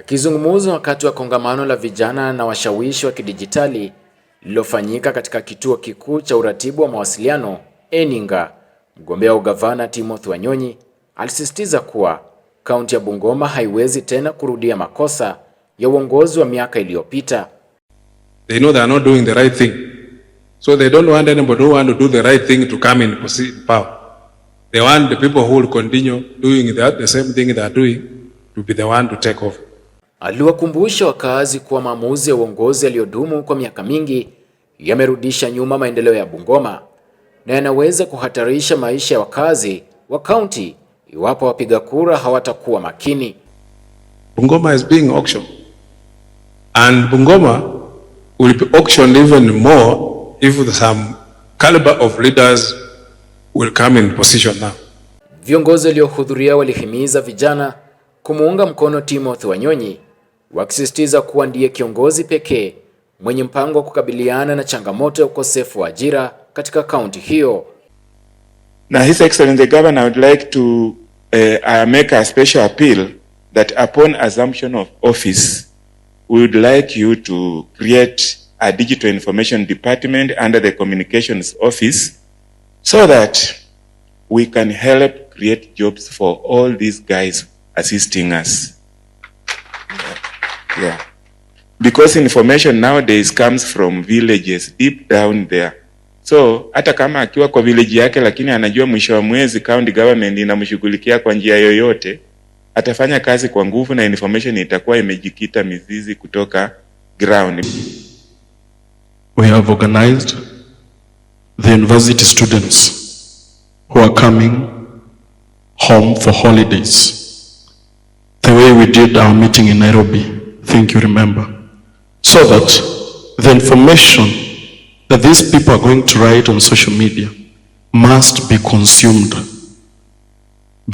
Akizungumza wakati wa kongamano la vijana na washawishi wa kidijitali lilofanyika katika kituo kikuu cha uratibu wa mawasiliano Eninga, mgombea wa ugavana Timothy Wanyonyi alisisitiza kuwa kaunti ya Bungoma haiwezi tena kurudia makosa ya uongozi wa miaka iliyopita. They know they are not doing the right thing. So they don't want anybody who want to do the right thing to come in power. They want the people who will continue doing that, the same thing they are doing to be the one to take over. Aliwakumbusha wakazi kuwa maamuzi ya uongozi yaliyodumu kwa miaka mingi yamerudisha nyuma maendeleo ya Bungoma na yanaweza kuhatarisha maisha ya wakazi wa kaunti iwapo wapiga kura hawatakuwa makini. Bungoma is being auctioned and Bungoma will be auctioned even more if some caliber of leaders will come in position now. Viongozi waliohudhuria walihimiza vijana kumuunga mkono Timothy Wanyonyi wakisisitiza kuwa ndiye kiongozi pekee mwenye mpango wa kukabiliana na changamoto ya ukosefu wa ajira katika kaunti hiyo. Now, His Excellency the Governor, would like to uh, uh, make a special appeal that upon assumption of office, we would like you to create a digital information department under the communications office so that we can help create jobs for all these guys assisting us. Yeah. Because information nowadays comes from villages deep down there. So hata kama akiwa kwa village yake, lakini anajua mwisho wa mwezi county government inamshughulikia kwa njia yoyote, atafanya kazi kwa nguvu na information itakuwa imejikita mizizi kutoka ground. We have organized the university students who are coming home for holidays the way we did our meeting in Nairobi think you remember, so that the information that these people are going to write on social media must be consumed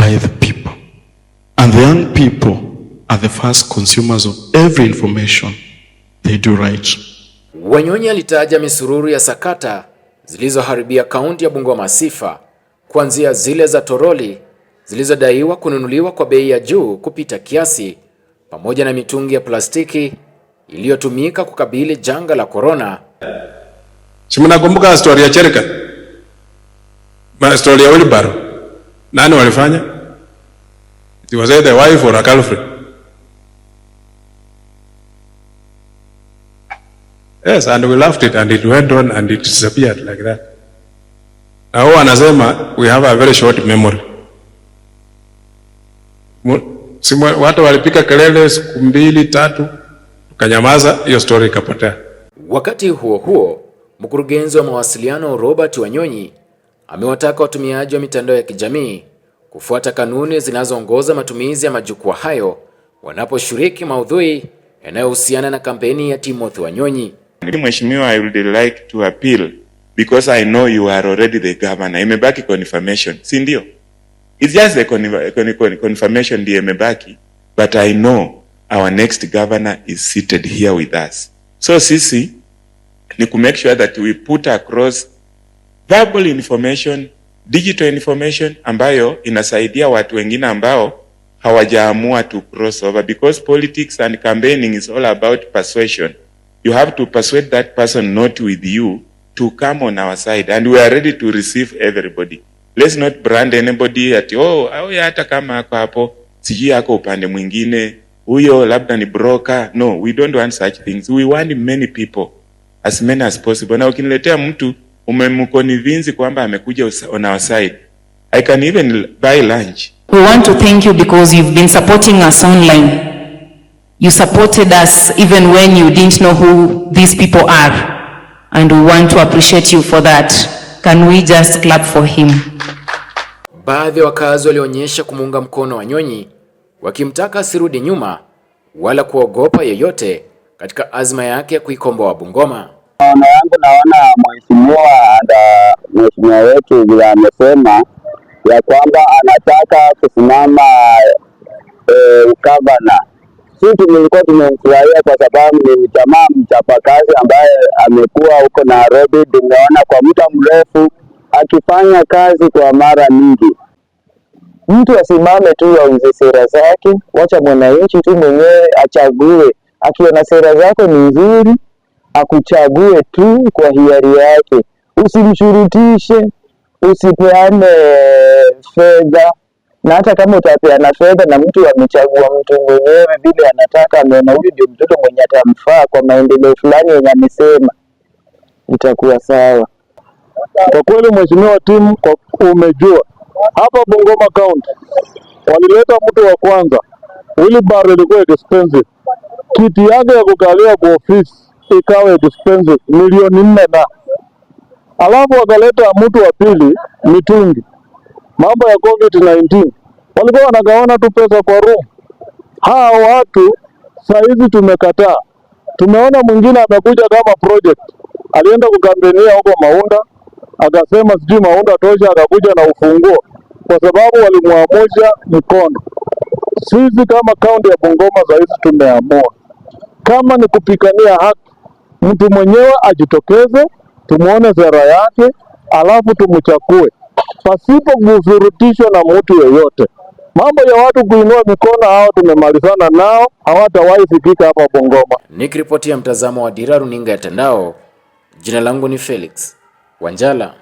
by the people. And the young people are the first consumers of every information they do write. Wanyonyi alitaja misururu ya sakata zilizoharibia kaunti ya Bungoma sifa, kuanzia zile za toroli zilizodaiwa kununuliwa kwa bei ya juu kupita kiasi pamoja na mitungi ya plastiki iliyotumika kukabili janga la korona. Si mnakumbuka historia ya Cherika? Ma historia ya Wilbaro. Nani walifanya? It was either wife or a girlfriend. Yes, and we laughed it and it went on and it disappeared like that. Na wao anasema we have a very short memory simu, watu walipika kelele siku mbili tatu, tukanyamaza, hiyo story ikapotea. Wakati huo huo, mkurugenzi wa mawasiliano Robert Wanyonyi amewataka watumiaji wa mitandao ya kijamii kufuata kanuni zinazoongoza matumizi ya majukwaa hayo wanaposhiriki maudhui yanayohusiana na kampeni ya Timothy Wanyonyi. Mheshimiwa, I would like to appeal because I know you are already the governor. Imebaki confirmation, si ndio? It's just the confirmation ndiyo imebaki, but I know our next governor is seated here with us. So sisi ni ku make sure that we put across verbal information, digital information ambayo inasaidia watu wengine ambao hawajaamua to cross over because politics and campaigning is all about persuasion. You have to persuade that person not with you to come on our side and we are ready to receive everybody. Let's not brand anybody ati oh, au oh, ya hata kama ako hapo sijui ako upande mwingine huyo labda ni broker. No, we don't want such things. We want many people as many as possible. Na ukiniletea mtu umemconvince kwamba amekuja on our side, I can even buy lunch. We want to thank you because you've been supporting us online. You supported us even when you didn't know who these people are, and we want to appreciate you for that. Can we just clap for him? Baadhi ya wakazi walionyesha kumuunga mkono Wanyonyi, wakimtaka asirudi nyuma wala kuogopa yeyote katika azma yake ya kuikomboa Bungoma. Maono yangu naona mheshimiwa na mheshimiwa wetu vile amesema ya kwamba anataka kusimama e, ukavana. Sisi tulikuwa tumemfurahia kwa sababu ni jamaa mchapakazi ambaye amekuwa huko Nairobi, tumeona kwa muda mrefu akifanya kazi kwa mara mingi Mtu asimame tu auze sera zake, wacha mwananchi tu mwenyewe achague. Akiona sera zako ni nzuri, akuchague tu kwa hiari yake, usimshurutishe, usipeane fedha na hata kama utapeana fedha na mtu amechagua mtu mwenyewe vile anataka, ameona huyu ndio mtoto mwenye atamfaa kwa maendeleo fulani yenye amesema, itakuwa sawa. Kwa kweli mheshimiwa timu, kwa umejua hapa Bungoma County walileta mtu wa kwanza. Wheelbarrow ilikuwa expensive, kiti yake ya kukalia kwa ofisi ikawa expensive milioni nne na alafu wakaleta mtu wa pili, mitungi. Mambo ya COVID 19 walikuwa wanagawana tu pesa kwa room. hawa watu saizi tumekataa, tumeona mwingine amekuja kama project, alienda kukambenia huko Maunda akasema sijui maunda tosha, akakuja na ufunguo kwa sababu walimwamusha mkono. Sisi kama kaunti ya Bungoma saizi tumeamua kama ni kupigania haki, mtu mwenyewe ajitokeze, tumwone sera yake, alafu tumchague pasipo kushurutishwa na mtu yeyote. Mambo ya watu kuinua mikono, hao tumemalizana nao, hawatawahi fikika hapa Bongoma. Nikiripotia mtazamo wa Dira Runinga ya Tandao, jina langu ni Felix. Wanjala